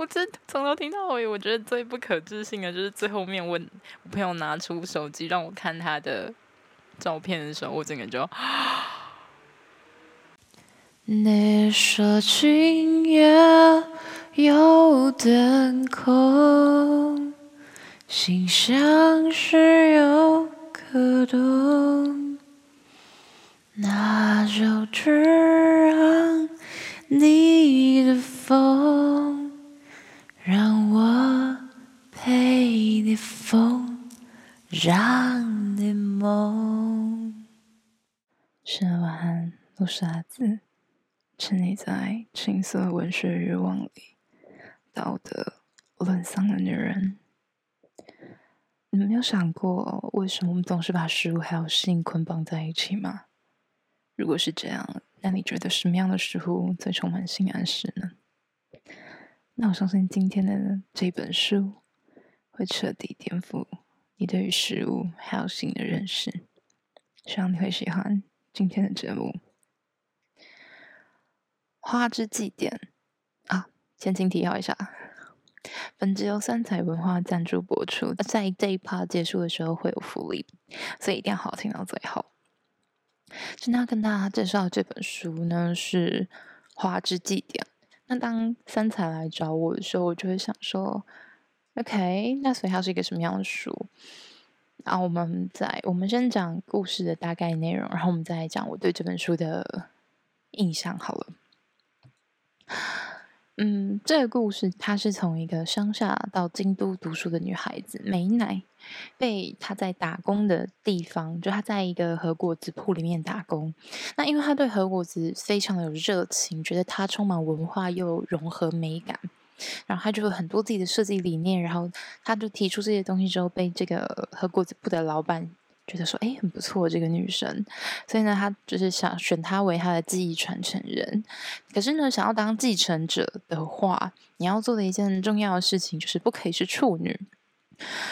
我真從頭聽到尾，我覺得最不可置信的，就是最後面我，我朋友拿出手機讓我看他的照片的時候，我整個人就。你說今夜有點空，心像是有個洞，那就只讓你的風。風讓你夢。深夜晚安，我是阿梓。沉溺在情色文學欲望裡，道德淪喪的女人。你沒有想過，為什麼我們總是把食物還有性捆綁在一起嗎？如果是這樣，那你覺得什麼樣的食物最充滿性暗示呢？那我相信今天的這本書。會徹底顛覆你對於食物還有新的認識，希望你會喜歡今天的節目《花之祭典》啊！前情提要一下，本節由三彩文化贊助播出，在這一趴結束的時候會有福利，所以一定要好好聽到最後。今天要跟大家介紹的這本書呢，是《花之祭典》。那當三彩來找我的時候，我就會想說。OK，那所以它是一個什麼樣的書？然後，啊，我們在我們先講故事的大概內容，然後我們再來講我對這本書的印象好了。嗯，這個故事它是從一個鄉下到京都讀書的女孩子美乃，被她在打工的地方，就她在一個和菓子鋪裡面打工。那因為她對和菓子非常的有熱情，覺得它充滿文化又融合美感。然後他就有很多自己的設計理念，然後他就提出這些東西之後，被這個和菓子鋪的老闆覺得說，誒，很不錯，這個女生。所以呢，他就是想選她為他的技藝傳承人。可是呢，想要當繼承者的話，你要做的一件重要的事情就是不可以是處女。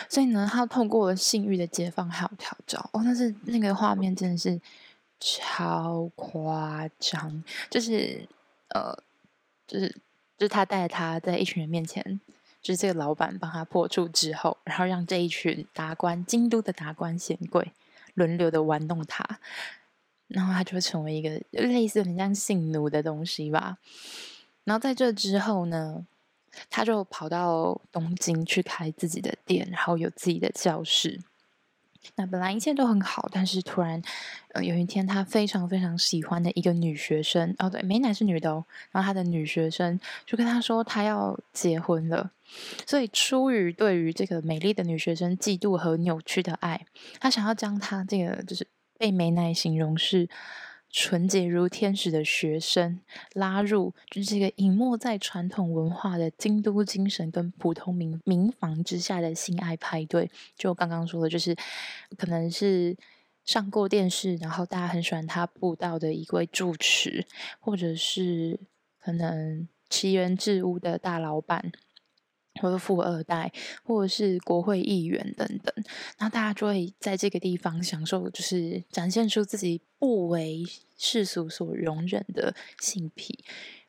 所以呢，他透過了性慾的解放還有調教哦，但是那個畫面真的是超誇張，就是呃，就是。就是他帶他在一群人面前，就是這個老闆幫他破處之後，然後讓這一群達官，京都的達官顯貴輪流的玩弄他，然後他就成為一個類似很像性奴的東西吧。然後在這之後呢，他就跑到東京去開自己的店，然後有自己的教室。那本來一切都很好，但是突然，呃，有一天他非常非常喜歡的一個女學生，哦，對，美乃是女的哦，然後他的女學生就跟他說他要結婚了，所以出於對於這個美麗的女學生嫉妒和扭曲的愛，他想要將她這個就是被美乃形容是。純潔如天使的學生拉入，就是一個隱沒在傳統文化的京都精神跟普通民民房之下的性愛派對。就剛剛說的，就是可能是上過電視，然後大家很喜歡他布道的一位住持，或者是可能祇園置屋的大老闆。或者富二代，或者是國會議員等等，那大家就會在這個地方享受，就是展現出自己不為世俗所容忍的性癖。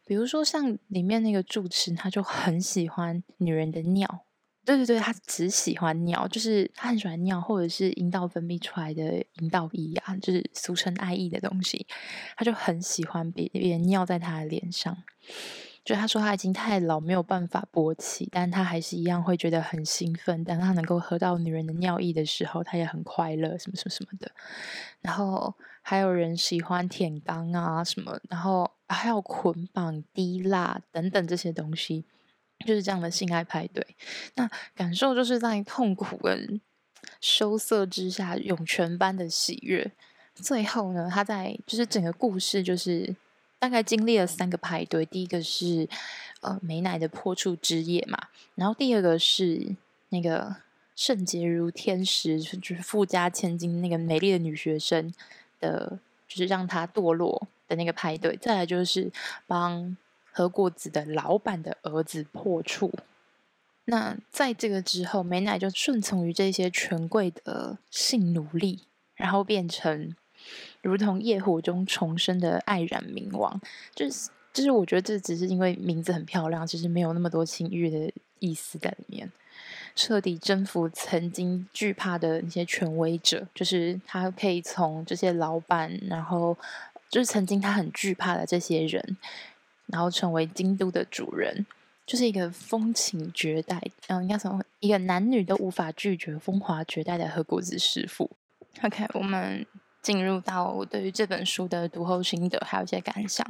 比如說，像裡面那個住持，他就很喜歡女人的尿。對對對，他只喜歡尿，就是他很喜歡尿，或者是陰道分泌出來的陰道液啊，就是俗稱愛液的東西，他就很喜歡別人尿在他的臉上。就他說他已經太老沒有辦法勃起，但他還是一樣會覺得很興奮。但他能夠喝到女人的尿液的時候，他也很快樂，什麼什麼什麼的。然後還有人喜歡舔肛啊什麼，然後還有捆綁滴蠟等等這些東西，就是這樣的性愛派對。那感受就是在痛苦跟羞澀之下湧泉般的喜悅。最後呢，他在就是整個故事就是。大概經歷了三個派對，第一個是呃美奶的破處之夜嘛，然後第二個是那個聖潔如天使，就是富家千金那個美麗的女學生的，就是讓她墮落的那個派對，再來就是幫和菓子的老板的兒子破處。那在這個之後，美奶就順從於這些權貴的性奴隸，然後變成。如同業火中重生的愛染冥王，就是就是我覺得這只是因為名字很漂亮，其實沒有那麼多情欲的意思在裡面。徹底征服曾經懼怕的那些權威者，就是他可以從這些老板，然後就是曾經他很懼怕的這些人，然後成為京都的主人，就是一個風情絕代，嗯，應該說一個男女都無法拒絕風華絕代的和菓子師傅。OK，我們。進入到我對於這本書的讀後心得，還有一些感想。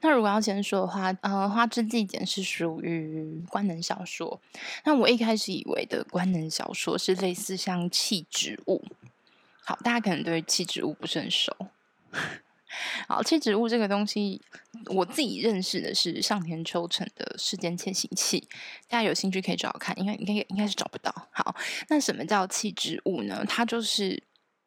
那如果要先說的話，呃，《花之祭典》是屬於官能小說。那我一開始以為的官能小說是類似像《氣質物》。好，大家可能對《氣質物》不是很熟。好，《氣質物》這個東西，我自己認識的是上田秋成的《世間竊行器》，大家有興趣可以找我看，應該應該應該是找不到。好，那什麼叫《氣質物》呢？它就是。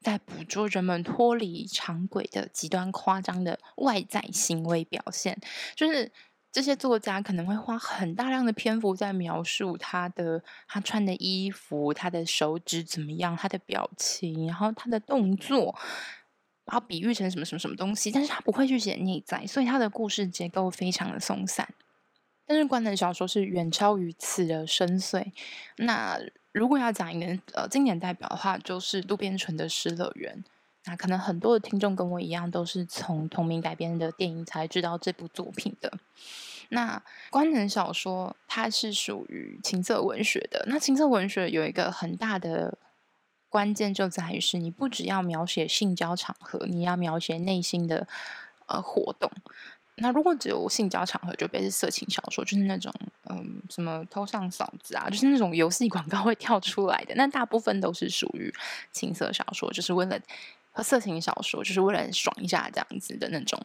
在捕捉人們脫離常軌的極端誇張的外在行為表現，就是這些作家可能會花很大量的篇幅在描述他的，他穿的衣服、他的手指怎麼樣、他的表情，然後他的動作，然後比喻成什麼什麼什麼東西。但是他不會去寫內在，所以他的故事結構非常的鬆散。但是官能小說是遠超於此的深邃。那如果要講一個呃經典代表的話，就是渡邊淳的《失樂園》。那可能很多的聽眾跟我一樣，都是從同名改編的電影才知道這部作品的。那官能小說它是屬於情色文學的。那情色文學有一個很大的關鍵就在於是，你不只要描寫性交場合，你要描寫內心的呃活動。那如果只有性交場合，就不是色情小說，就是那種嗯、呃，什麼偷上嫂子啊，就是那種遊戲廣告會跳出來的。那大部分都是屬於情色小說，就是為了和色情小說，就是為了爽一下這樣子的那種。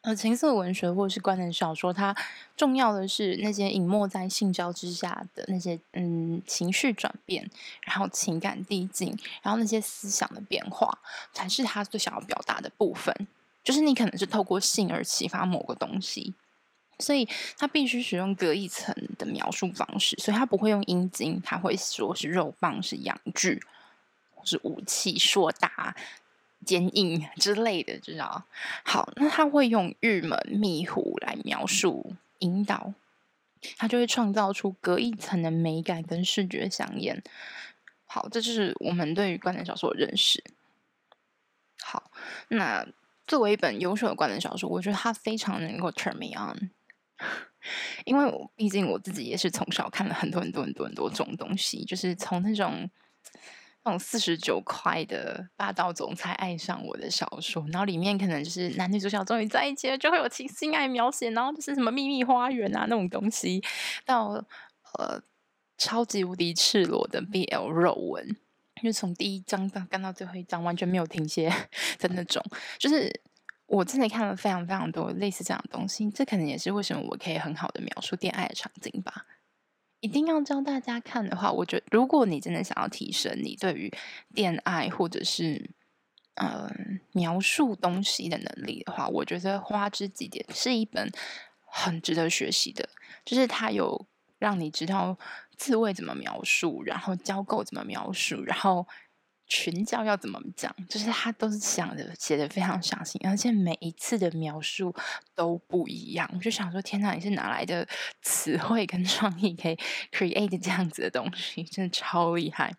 呃，情色文學或是觀念小說，它重要的是那些隱沒在性交之下的那些嗯情緒轉變，然後情感遞進，然後那些思想的變化，才是他最想要表達的部分。就是你可能是透過性而啟發某個東西，所以他必須使用隔一層的描述方式，所以他不會用陰莖，他會說是肉棒、是陽具，是武器、碩大、堅硬之類的，知道嗎？好，那他會用玉門、蜜壺來描述引導，他就會創造出隔一層的美感跟視覺饗宴。好，這就是我們對於觀點小說的認識。好，那。作為一本優秀的官能小說，我覺得它非常能夠 turn me on，因為我畢竟我自己也是從小看了很多很多很多很多種東西，就是從那種那種四十九塊的霸道總裁愛上我的小說，然後裡面可能就是男女主角終於在一起了，就會有情性愛描寫，然後就是什麼秘密花園啊那種東西，到呃超級無敵赤裸的 BL 肉文。因為從第一章到幹到最後一章，完全沒有停歇真的那種。就是我之前看了非常非常多類似這樣的東西，這可能也是為什麼我可以很好的描述戀愛的場景吧。一定要教大家看的話，我覺得如果你真的想要提升你對於戀愛或者是、呃、描述東西的能力的話，我覺得《花之祭典》是一本很值得學習的，就是它有讓你知道。自慰怎麼描述？然後交媾怎麼描述？然後群交要怎麼講？就是他都是想的寫的非常詳細，而且每一次的描述都不一樣。我就想說，天哪，你是哪來的詞彙跟創意可以 create 這樣子的東西？真的超厲害！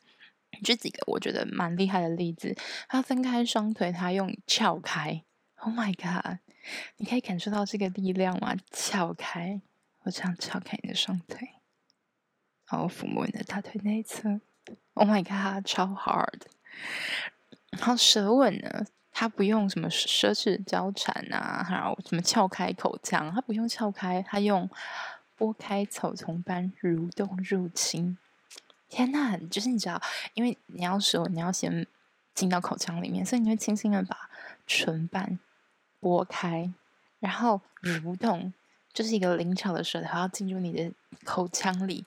這幾個我覺得蠻厲害的例子，他分開雙腿，他用撬開。Oh my God！你可以感受到這個力量嗎？撬開，我想撬開你的雙腿。然後撫摸你的大腿內側，Oh my god，超 hard！然後舌吻呢，它不用什麼舌齒交纏啊，然後什麼撬開口腔，它不用撬開，它用撥開草叢般蠕動入侵。天吶，就是你知道，因為你要舌吻，你要先進到口腔裡面，所以你會輕輕的把唇瓣撥開，然後蠕動，就是一個靈巧的舌頭要進入你的口腔裡。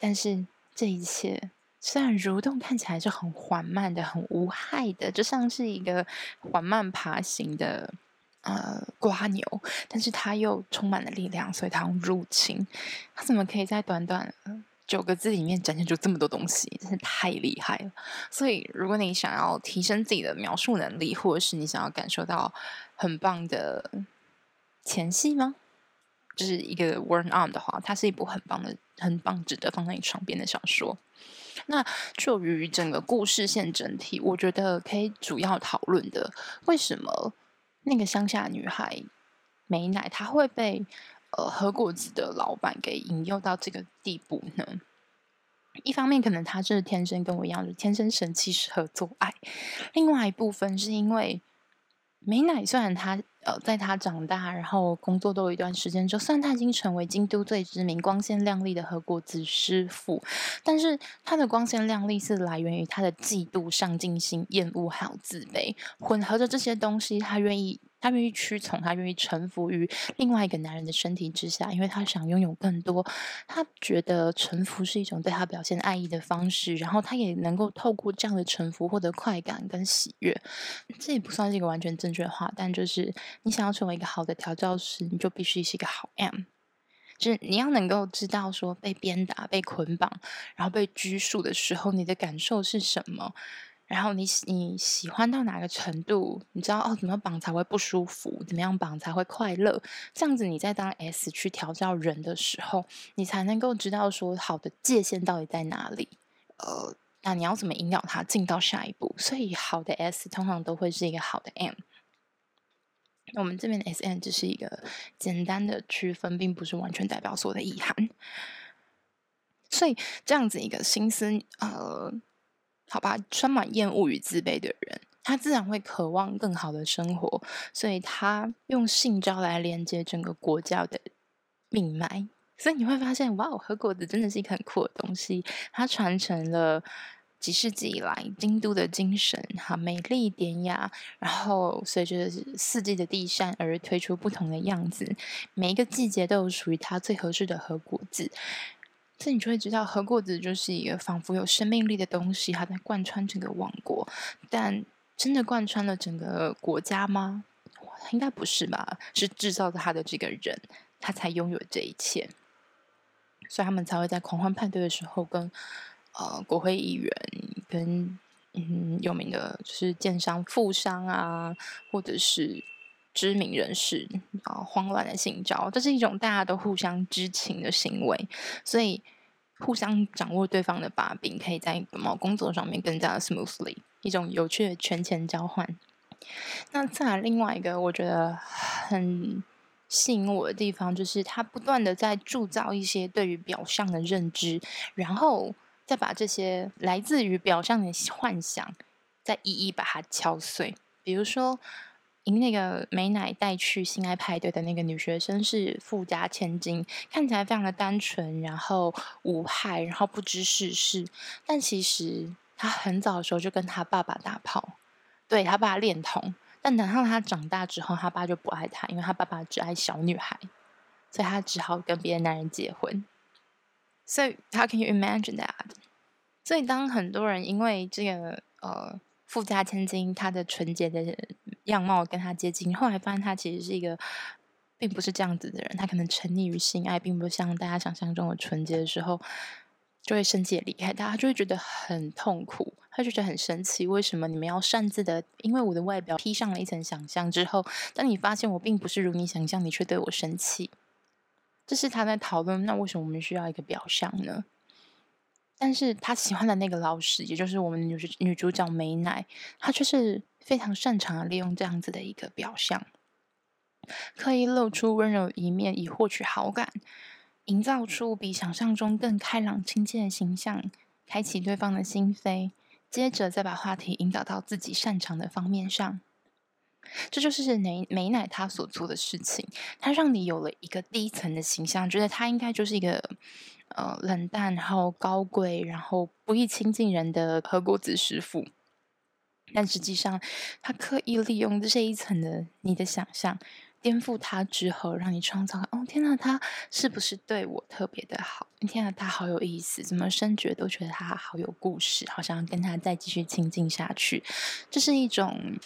但是這一切，雖然蠕動看起來是很緩慢的、很無害的，就像是一個緩慢爬行的呃蝸牛，但是它又充滿了力量，所以它入侵。它怎麼可以在短短、呃、九個字裡面展現出這麼多東西？真是太厲害了！所以，如果你想要提升自己的描述能力，或者是你想要感受到很棒的前戲嗎？就是一個 worn on 的話，它是一部很棒的、很棒值得放在你床邊的小說。那就於整個故事線整體，我覺得可以主要討論的，為什麼那個鄉下女孩美奶她會被呃和菓子的老闆給引誘到這個地步呢？一方面可能她是天生跟我一樣，就天生神氣適合做愛；另外一部分是因為美奶雖然她。呃，在他長大，然後工作都有一段時間，就算他已經成為京都最知名、光鮮亮麗的和菓子師傅，但是他的光鮮亮麗是來源於他的嫉妒、上進心、厭惡還有自卑，混合着這些東西，他願意他願意屈從，他願意臣服於另外一個男人的身體之下，因為他想擁有更多，他覺得臣服是一種對他表現愛意的方式，然後他也能夠透過這樣的臣服獲得快感跟喜悅。這也不算是一個完全正確的話，但就是。你想要成為一個好的調教師，你就必須是一個好 M，就是你要能夠知道說被鞭打、被捆綁、然後被拘束的時候，你的感受是什麼？然後你你喜歡到哪個程度？你知道哦，怎麼綁才會不舒服？怎麼樣綁才會快樂？這樣子你在當 S 去調教人的時候，你才能夠知道說好的界限到底在哪裡？呃，那你要怎麼引導他進到下一步？所以，好的 S 通常都會是一個好的 M。我們這邊的 SN，只是一個簡單的區分，並不是完全代表所有的意涵。所以這樣子一個心思，呃，好吧，充滿厭惡與自卑的人，他自然會渴望更好的生活，所以他用性交來連接整個國家的命脈。所以你會發現，哇哦，和菓子真的是一個很酷的東西，它傳承了。幾世紀以來，京都的精神哈，美麗典雅，然後隨着四季的遞嬗而推出不同的樣子。每一個季節都有屬於它最合適的和菓子。所以你就會知道，和菓子就是一個仿佛有生命力的東西，它在貫穿整個王國。但真的貫穿了整個國家嗎？應該不是吧？是制造的它的這個人，他才擁有這一切。所以他們才會在狂歡派對的時候跟。呃，國會議員跟嗯有名的，就是建商、富商啊，或者是知名人士啊，呃，慌亂的性交，這是一種大家都互相知情的行為，所以互相掌握對方的把柄，可以在某工作上面更加 smoothly，一種有趣的權錢交換。那再來另外一個，我覺得很吸引我的地方，就是他不斷的在鑄造一些對於表象的認知，然後。再把這些來自於表象的幻想，再一一把它敲碎。比如說，那個美奶帶去性愛派對的那個女學生是富家千金，看起來非常的單純，然後無害，然後不知世事。但其實她很早的時候就跟他爸爸打炮，對他爸戀童。但等到她長大之後，他爸就不愛她，因為他爸爸只愛小女孩，所以她只好跟別的男人結婚。所以，So,How can you imagine that? 所以，當很多人因為這個呃，富家千金她的純潔的樣貌跟她接近，後來發現她其實是一個並不是這樣子的人，她可能沉溺於性愛，並不像大家想象中的純潔的時候，就會生氣離開她，她就會覺得很痛苦，她就覺得很生氣，為什麼你們要擅自的，因為我的外表披上了一層想象之後，當你發現我並不是如你想象，你卻對我生氣。這是他在討論，那為什麼我們需要一個表象呢？但是他喜歡的那個老師，也就是我們女女主角美奈，她却是非常擅長的利用這樣子的一個表象，刻意露出溫柔一面以獲取好感，營造出比想象中更開朗親切的形象，開啟對方的心扉，接着再把話題引導到自己擅長的方面上。這就是美美奈她所做的事情，她讓你有了一個第一層的形象，覺得他應該就是一個呃冷淡然後高貴然後不易親近人的和菓子師傅。但實際上，他刻意利用這一層的你的想象，顛覆他之後，讓你創造。哦，天哪，他是不是對我特別的好？天哪，他好有意思，怎麼深覺都覺得他好有故事，好想要跟他再繼續親近下去。這是一種。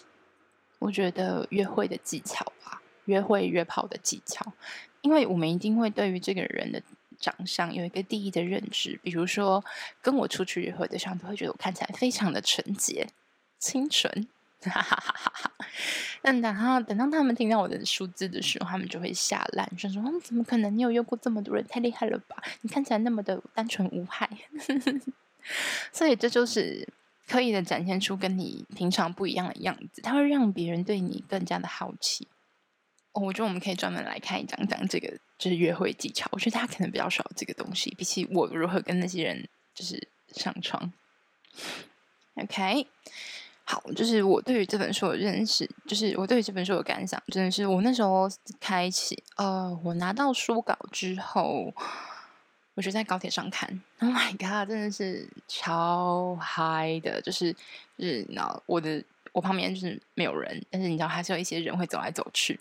我覺得約會的技巧吧、啊，約會約炮的技巧，因為我們一定會對於這個人的長相有一個第一的認知，比如說跟我出去約會的時候都會覺得我看起來非常的純潔、清純，哈哈哈哈哈哈。那然後等到他們聽到我的數字的時候，他們就會下爛，就說說、嗯，怎麼可能？你有約過這麼多人，太厲害了吧？你看起來那麼的單純無害，呵呵，所以這就是。刻意的展現出跟你平常不一樣的樣子，它會讓別人對你更加的好奇。哦，我覺得我們可以專門來看一講講這個就是約會技巧。我覺得他可能比較少這個東西，比起我如何跟那些人就是上床。OK，好，就是我對於這本書的認識，就是我對於這本書的感想，真的是我那時候開啟，呃，我拿到書稿之後。我覺得在高鐵上看，Oh my god，真的是超嗨的！就是，日、就是，然、no, 我的我旁邊就是沒有人，但是你知道還是有一些人會走來走去。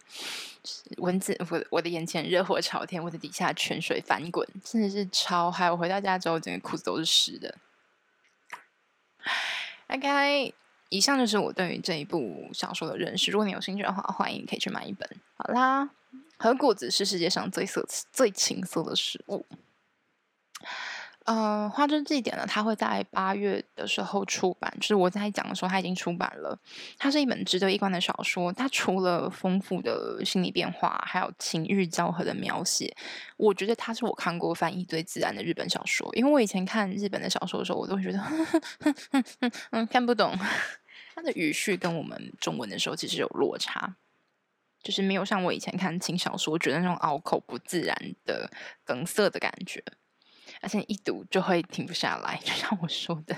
就是、蚊子，我我的眼前熱火朝天，我的底下泉水翻滾，真的是超嗨！我回到家之後，我整個褲子都是濕的。OK，以上就是我對於這一部小說的認識。如果你有興趣的話，歡迎可以去買一本。好啦，和菓子是世界上最色、最情色的食物。呃，《花之祭典》呢，它會在八月的時候出版。就是我在講的時候，它已經出版了。它是一本值得一觀的小說。它除了豐富的心理變化，還有情欲交合的描寫，我覺得它是我看過翻譯最自然的日本小說。因為我以前看日本的小說的時候，我都會覺得哼哼哼哼哼，看不懂。它的語序跟我們中文的時候其實有落差，就是沒有像我以前看輕小說，我覺得那種拗口、不自然的梗塞的感覺。而、啊、且一讀就會停不下來，就像我說的，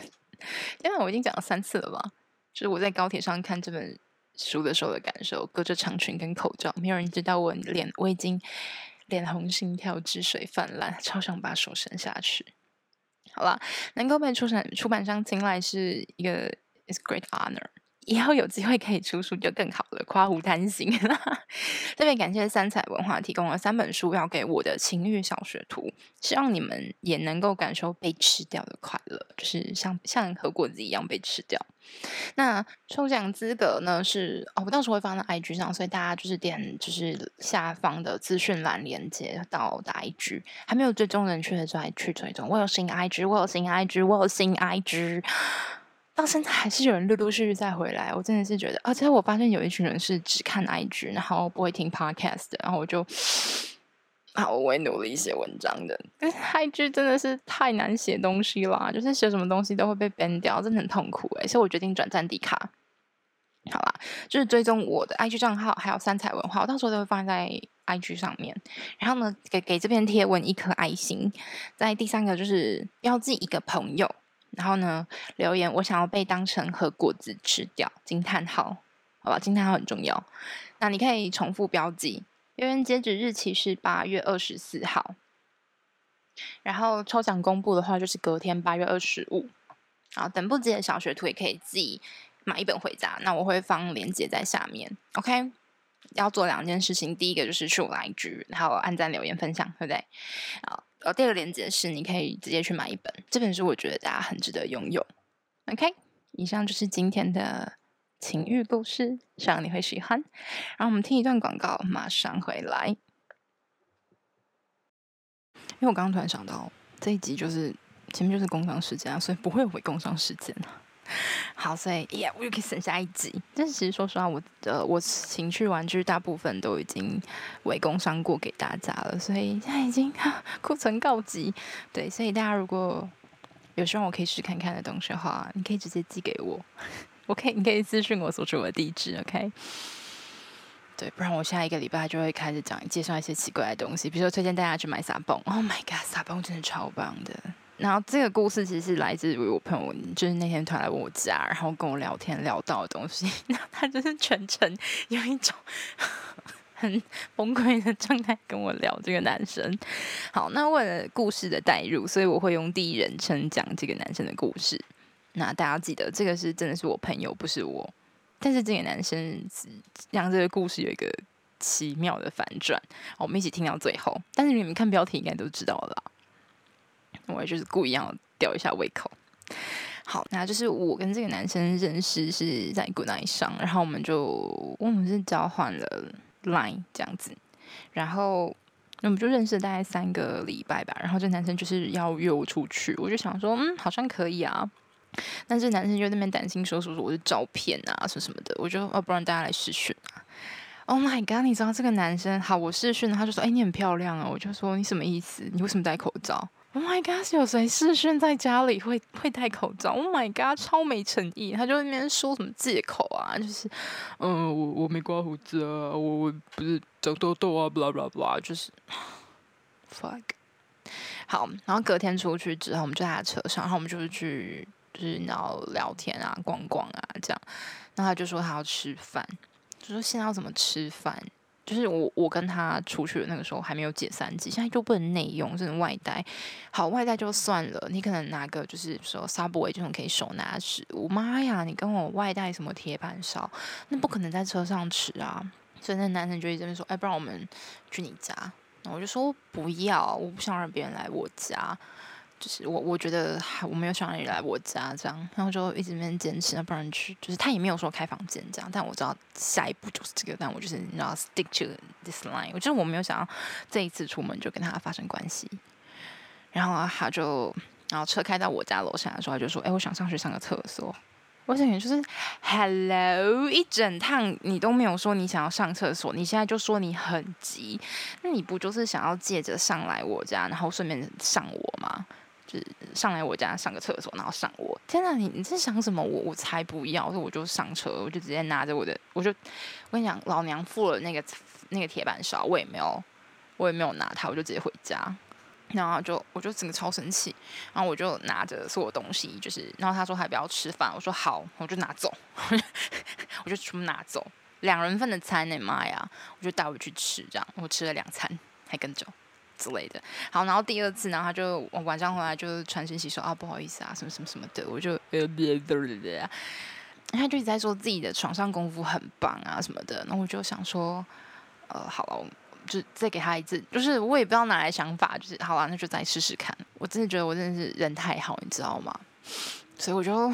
因為我已經講了三次了吧？就是我在高鐵上看這本書的時候的感受，隔着長裙跟口罩，沒有人知道我臉我已經臉紅、心跳、汁水泛濫，超想把手伸下去。好了，能夠被出版出版商青睞是一個 It's great honor。以後有機會可以出書，就更好了，誇無貪心。特 別感謝三彩文化提供了三本書，要給我的情慾小學徒，希望你們也能夠感受被吃掉的快樂，就是像像和菓子一樣被吃掉。那抽獎資格呢，是哦，我到時候會放在 IG 上，所以大家就是點就是下方的資訊欄連接到的 IG。還沒有追蹤人去的，就來去追蹤。我有新 IG，我有新 IG，我有新 IG。到現在還是有人陸陸續續再回來，我真的是覺得而且、哦、我發現有一群人是只看 IG，然後不會聽 Podcast 的，然後我就啊，我會努力寫文章的。IG 真的是太難寫東西啦，就是寫什麼東西都會被 ban 掉，真的很痛苦哎、欸！所以，我決定轉戰迪卡。好啦，就是追蹤我的 IG 賬號，還有三采文化，我到時候都會放在 IG 上面。然後呢，給給這篇貼文一顆愛心。在第三個就是要自己一個朋友。然後呢，留言「我想要被當成和菓子吃掉！驚嘆號，好吧，驚嘆號很重要。那你可以重複標記，留言截止日期是八月二十四號，然後抽獎公布的話就是隔天八月二十五。好，等不及的小學徒也可以自己買一本回家。那我會放鏈接在下面。OK，要做兩件事情，第一個就是出來局，然後按讚、留言、分享，對不對？好。哦，第二個鏈接是你可以直接去買一本，這本書我覺得大家很值得擁有。OK，以上就是今天的情欲故事，希望你會喜歡。然後我們聽一段廣告，馬上回來。因為我剛剛突然想到，這一集就是前面就是工商時間啊，所以不會回工商時間，啊好，所以耶，yeah, 我又可以省下一集。但是其實說實話，我的、呃、我情趣玩具大部分都已經為工商過給大家了，所以現在已經庫存告急。對，所以大家如果有時候我可以試看看的東西的話，啊，你可以直接寄給我，我可以，你可以私訊我所處的地址，OK？對，不然我下一個禮拜就會開始講介紹一些奇怪的東西，比如說推薦大家去買沙棒。Oh my god，沙棒真的超棒的。然後這個故事其實是來自於我朋友，就是那天他來我家，然後跟我聊天聊到的東西。然後他就是全程有一種很崩潰的狀態跟我聊這個男生。好，那為了故事的代入，所以我會用第一人稱講這個男生的故事。那大家記得這個是真的是我朋友，不是我。但是這個男生讓這個故事有一個奇妙的反轉。我們一起聽到最後。但是你們看標題應該都知道了吧？我也就是故意要吊一下胃口。好，那就是我跟這個男生認識是在 Good Night 上，然後我們就我們、嗯、是交換了 Line 這樣子，然後那我們就認識了大概三個禮拜吧。然後這個男生就是要約我出去，我就想說，嗯，好像可以啊。但是男生就在那邊擔心說，說說我的照片啊，什麼什麼的。我就，哦、啊，不然大家來視訊啊。Oh my god！你知道這個男生好，我視訊，他就說，哎、欸，你很漂亮啊、哦。我就說，你什麼意思？你為什麼戴口罩？Oh my god，有誰視訊在家裡會會戴口罩？Oh my god，超沒誠意。他就那邊說什麼借口啊，就是嗯我，我沒刮鬍子啊，我我不是長痘痘啊，blah blah blah 就是，fuck。好，然後隔天出去之後，我們就在他的車上，然後我們就是去就是然後聊天啊，逛逛啊這樣。然後他就說他要吃飯，就說現在要怎麼吃飯？就是我我跟他出去的那個時候還沒有解三級，現在就不能內用，只能外帶。好，外帶就算了，你可能拿個就是說 subway 這種可以手拿吃。我媽呀，你跟我外帶什麼鐵板燒？那不可能在車上吃啊！所以那男生就一直在那邊說，哎、欸，不然我們去你家。然後我就說不要，我不想讓別人來我家。就是我，我覺得我沒有想讓你來我家這樣，然後就一直在那邊堅持，那不然去。就是他也沒有說開房間這樣，但我知道下一步就是這個。但我就是你知道 stick to this line。我覺得我沒有想要這一次出門就跟他發生關係。然後他就，然後車開到我家樓下的時候，他就說：“哎、欸，我想上去上個廁所。”我想說就是，Hello，一整趟你都沒有說你想要上廁所，你現在就說你很急，那你不就是想要借着上來我家，然後順便上我嗎？就是上來我家上個廁所，然後上我天哪、啊，你你在想什麼？我我才不要，我就上車，我就直接拿着我的，我就我跟你講，老娘付了那個那個鐵板燒，我也沒有，我也沒有拿它，我就直接回家，然後我就我就整個超生氣，然後我就拿着所有東西，就是然後他說還不要吃飯，我說好，我就拿走， 我就全部拿走，兩人份的餐，呢、欸，媽呀，我就帶回去吃，這樣我吃了兩餐，還跟着。之類的，好，然後第二次，然後他就我晚上回來就傳訊息說啊，不好意思啊，什麼什麼什麼的，我就別別別別，然 後他就一直在說自己的床上功夫很棒啊什麼的，那我就想說，呃，好了，我就再給他一次，就是我也不知道哪來的想法，就是好了那就再試試看，我真的覺得我真的是人太好，你知道嗎？所以我就，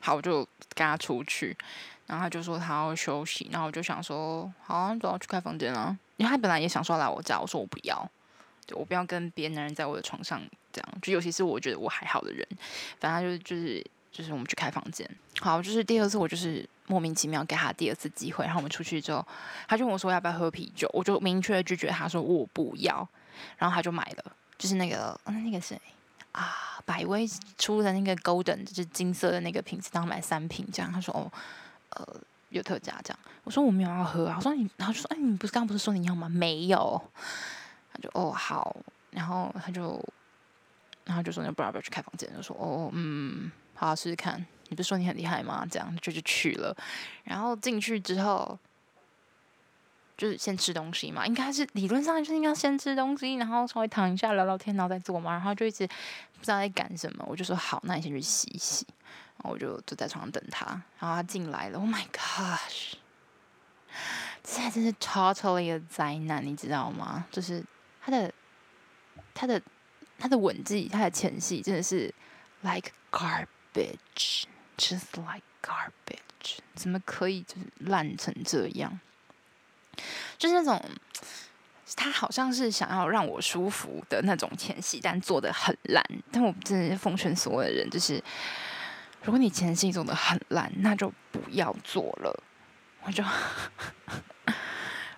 好，我就跟他出去，然後他就說他要休息，然後我就想說，好，那我要去開房間了，因為他本來也想說來我家，我說我不要。我不要跟別的男人在我的床上，這樣就，尤其是我覺得我還好的人，反正就是就是就是我們去開房間。好，就是第二次我就是莫名其妙給他第二次機會，然後我們出去之後，他就問我說要不要喝啤酒，我就明確拒絕他說我不要，然後他就買了，就是那個那個誰啊，百威出的那個 golden 就是金色的那個瓶子，然後買三瓶這樣，他說哦呃有特價這樣，我說我沒有要喝啊，我說你，他就說哎、欸、你不是剛不是說你要嗎？沒有。就哦，好，然後他就，然後就說要不不要去開房間，就說哦嗯，好好、啊、試試看。你不是說你很厲害嗎？這樣就就去了。然後進去之後，就是先吃東西嘛，應該是理論上就是應該先吃東西，然後稍微躺一下聊聊天，然後再做嘛。然後就一直不知道在幹什麼。我就說好，那你先去洗一洗。然後我就坐在床上等他。然後他進來了，Oh my gosh！現在真是 totally 的災難，你知道嗎？就是。他的他的他的吻技，他的前戲真的是 like garbage，just like garbage，怎麼可以就是爛成這樣？就是那種他好像是想要讓我舒服的那種前戲，但做得很爛。但我真的是奉勸所有人，就是如果你前戲做得很爛，那就不要做了。我就。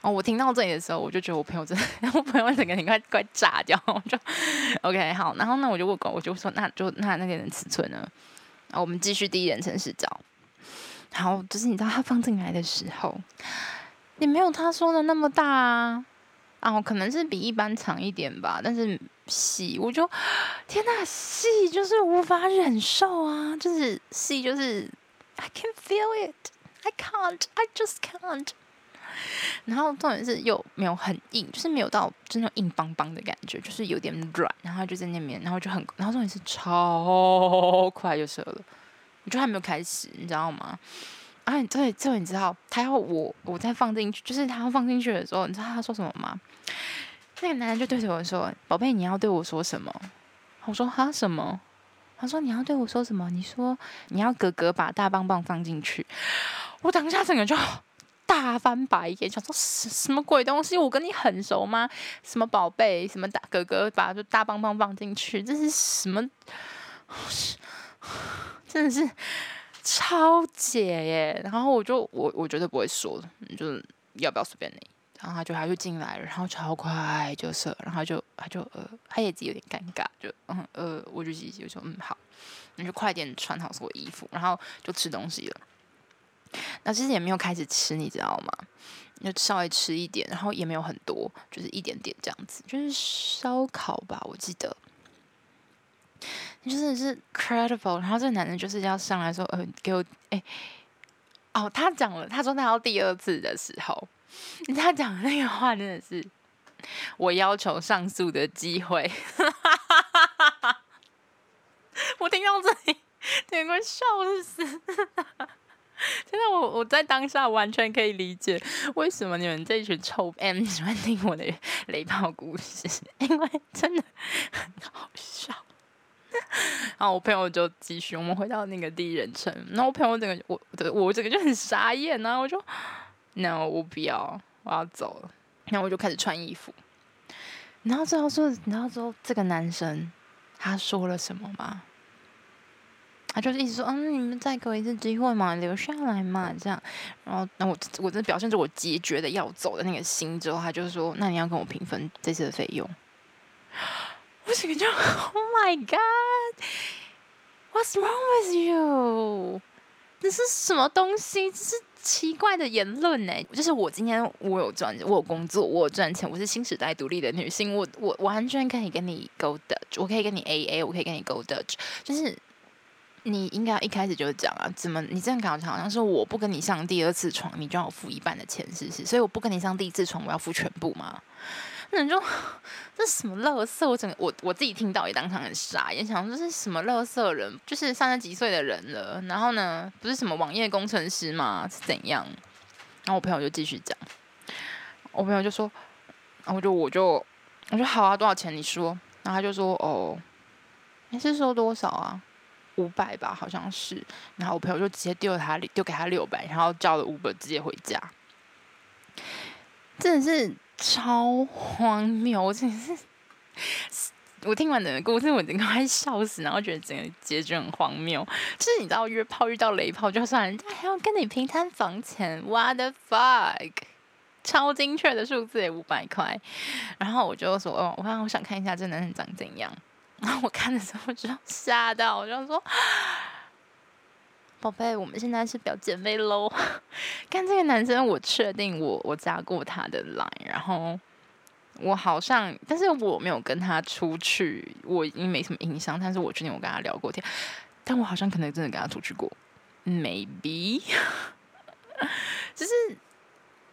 哦，我聽到這裡的時候，我就覺得我朋友真的，我朋友整個人快快炸掉。我就，OK，好，然後那我就問狗，我就說那就，那就那那個人尺寸呢？然後、哦、我們繼續第一人稱視角。好，就是你知道他放進來的時候，也沒有他說的那麼大啊，哦，可能是比一般長一點吧，但是細，我就，天吶、啊，細就是無法忍受啊，就是細就是，I can feel it, I can't, I just can't。然後重點是又沒有很硬，就是沒有到真的硬邦邦的感覺，就是有點軟。然後就在那邊，然後就很，然後重點是超快就射了，你就還沒有開始，你知道嗎？啊，你這這你知道，他要我，我再放進去，就是他要放進去的時候，你知道他說什麼嗎？那個男人就對着我說：“寶貝，你要對我說什麼？”我說：“他什麼？”他說：“你要對我說什麼？你說你要哥哥把大棒棒放進去。”我當下整個就。大翻白眼，想說什什麼鬼東西？我跟你很熟嗎？什麼寶貝？什麼大哥哥？把就大棒棒放進去，這是什麼？真的是超解耶！然後我就我我絕對不會說就是要不要隨便你。然後他就他就進來了，然後超快就射、是，然後就他就呃他也自己有點尷尬，就嗯呃我就自己就說嗯好，你就快點穿好所有衣服，然後就吃東西了。那其實也沒有開始吃，你知道嗎？你就稍微吃一點，然後也沒有很多，就是一點點這樣子，就是燒烤吧。我記得，就是是 credible。然後這個男人就是要上來說，嗯、欸，給我，哎、欸，哦，他講了，他說他要第二次的時候，他講的那個話真的是我要求上訴的機會。 我聽到這裡，天哥笑死。真的，我我在當下完全可以理解為什麼你們這一群臭 M 喜歡聽我的雷砲故事，因為真的很好笑。然後我朋友就繼續，我們回到那個第一人稱。然後我朋友整個，我對我整個就很傻眼啊，然後我就，no，我不要，我要走了。然後我就開始穿衣服。然後最後說，然後之後這個男生他說了什麼嗎？他就是一直說：“嗯、啊，你們再給我一次機會嘛，留下來嘛，這樣。然”然後，那我我真的表現出我決絕的要走的那個心之後，他就是說：“那你要跟我平分這次的費用？”我直接：“Oh my god，What's wrong with you？這是什麼東西？這是奇怪的言論呢！就是我今天我有賺，我有工作，我有賺錢，我是新時代獨立的女性，我我完全可以跟你 go dutch，我可以跟你 AA，我可以跟你 go dutch，就是。”你應該一開始就講了，怎麼你這樣搞，好像是我不跟你上第二次床，你就要我付一半的錢，是不是？所以我不跟你上第一次床，我要付全部嗎？那你就這是什麼樂色？我整個我我自己聽到也當場很傻，也想說這是什麼樂色人？就是三十幾歲的人了，然後呢，不是什麼網頁工程師嘛，是怎樣？然後我朋友就繼續講，我朋友就說，然後就我就我說好啊，多少錢你說？然後他就說哦，你是說多少啊？五百吧，好像是。然後我朋友就直接丟了他，丟給他六百，然後交了五百，直接回家。真的是超荒謬！我真的是，我聽完你的我整個故事，我已經快笑死，然後覺得整個結局很荒謬。就是你知道約炮遇到雷炮就算，人家還要跟你平攤房錢，What the fuck！超精確的數字，也五百塊。然後我就說，哦，我看，我想看一下這男人長怎樣。 我看的時候我就嚇到，我就說：“寶貝，我們現在是婊姊妹嘍。 ”看這個男生我我，我確定我我加過他的 line，然後我好像，但是我沒有跟他出去，我已經沒什麼印象。但是，我確定我跟他聊過天，但我好像可能真的跟他出去過，maybe。 就是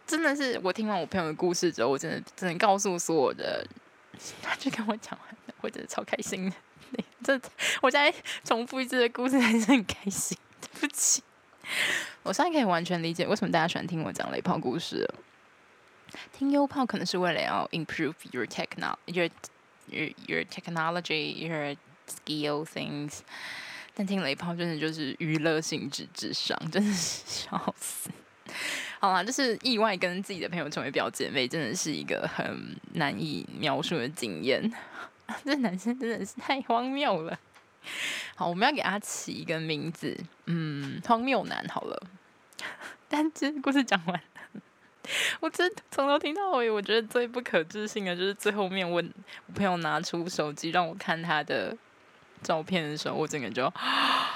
真的是我聽完我朋友的故事之後，我真的只能告訴所有的。他就跟我講完了，我真的超開心的。這我再重複一次的故事，還是很開心。對不起，我現在可以完全理解為什麼大家喜歡聽我講雷炮故事哦。聽優炮可能是為了要 improve your technology, your, your your technology, your skill things，但聽雷炮真的就是娛樂性質至上，真的是笑死。好啦，就是意外跟自己的朋友成為表姐妹，真的是一個很難以描述的經驗。 這男生真的是太荒謬了。 好，我們要給阿奇一個名字，嗯，荒謬男好了。 但這故事講完， 我真從頭聽到尾，欸，我覺得最不可置信的，就是最後面問我朋友拿出手機讓我看他的照片的時候，我整個就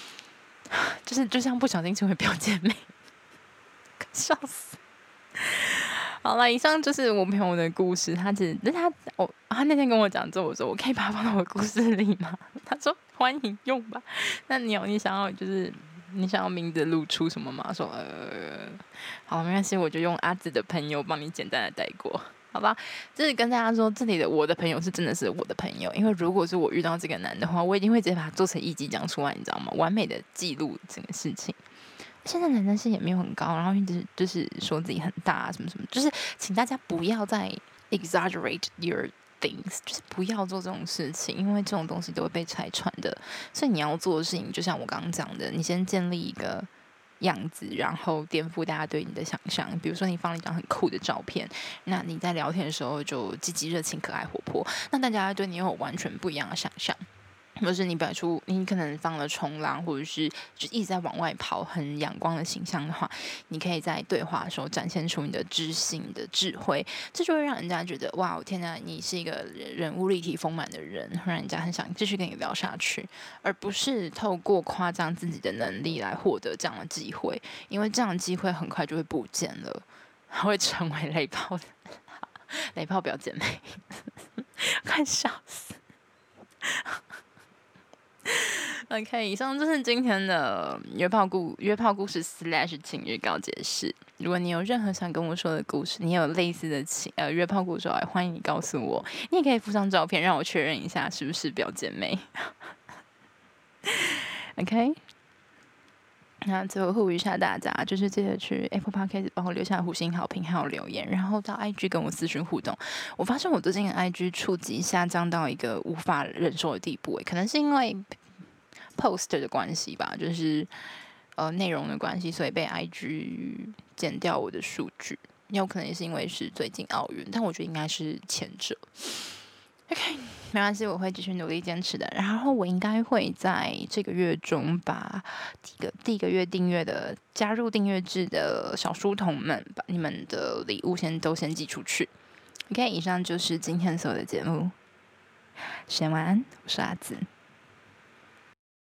就是就像不小心成為表姐妹，可笑死了！好了，以上就是我朋友的故事，他只，是他我、哦、他那天跟我講之後，我說我可以把它放到我的故事裡嗎？他說歡迎用吧。那你有、哦、你想要就是你想要名字露出什麼嗎？說呃，好沒關係，我就用阿梓的朋友幫你簡單的帶過。好吧，就是跟大家說，這裡的我的朋友是真的是我的朋友，因為如果是我遇到這個男的話，我一定會直接把他做成一集講出來，你知道嗎？完美的記錄整個事情。現在男生心也沒有很高，然後一直、就是、就是說自己很大啊，什麼什麼，就是請大家不要再 exaggerate your things，就是不要做這種事情，因為這種東西都會被拆穿的。所以你要做的事情，就像我剛剛講的，你先建立一個。樣子，然後顛覆大家對你的想象。比如說，你放了一張很酷的照片，那你在聊天的時候就積極、熱情、可愛、活潑，那大家對你有完全不一樣的想象。或是你擺出你可能放了衝浪，或者是就一直在往外跑，很陽光的形象的話，你可以在對話的時候展現出你的知性、你的智慧，這就會讓人家覺得哇，天吶，你是一個人，人物立體豐滿的人，讓人家很想繼續跟你聊下去，而不是透過誇張自己的能力來獲得這樣的機會，因為這樣的機會很快就會不見了，會成為雷炮的， 雷炮表姐妹，快，， 笑死。 OK，以上就是今天的約炮故約炮故事 Slash 情侶告解室。如果你有任何想跟我說的故事，你也有類似的情呃約炮故事，來歡迎你告訴我。你也可以附上照片讓我確認一下是不是表姐妹。 OK。那最後呼籲一下大家，就是記得去 Apple Podcast 幫我留下五星好評還有留言，然後到 IG 跟我諮詢互動。我發現我最近的 IG 觸及下降到一個無法忍受的地步，欸，可能是因為 Post 的關係吧，就是呃內容的關係，所以被 IG 減掉我的數據。也有可能也是因為是最近奧運，但我覺得應該是前者。OK，沒關係，我會繼續努力堅持的。然後我應該會在這個月中把第一個第一個月訂閱的加入訂閱制的小書童們，把你們的禮物先都先寄出去。OK，以上就是今天所有的節目，先晚安，我是阿梓。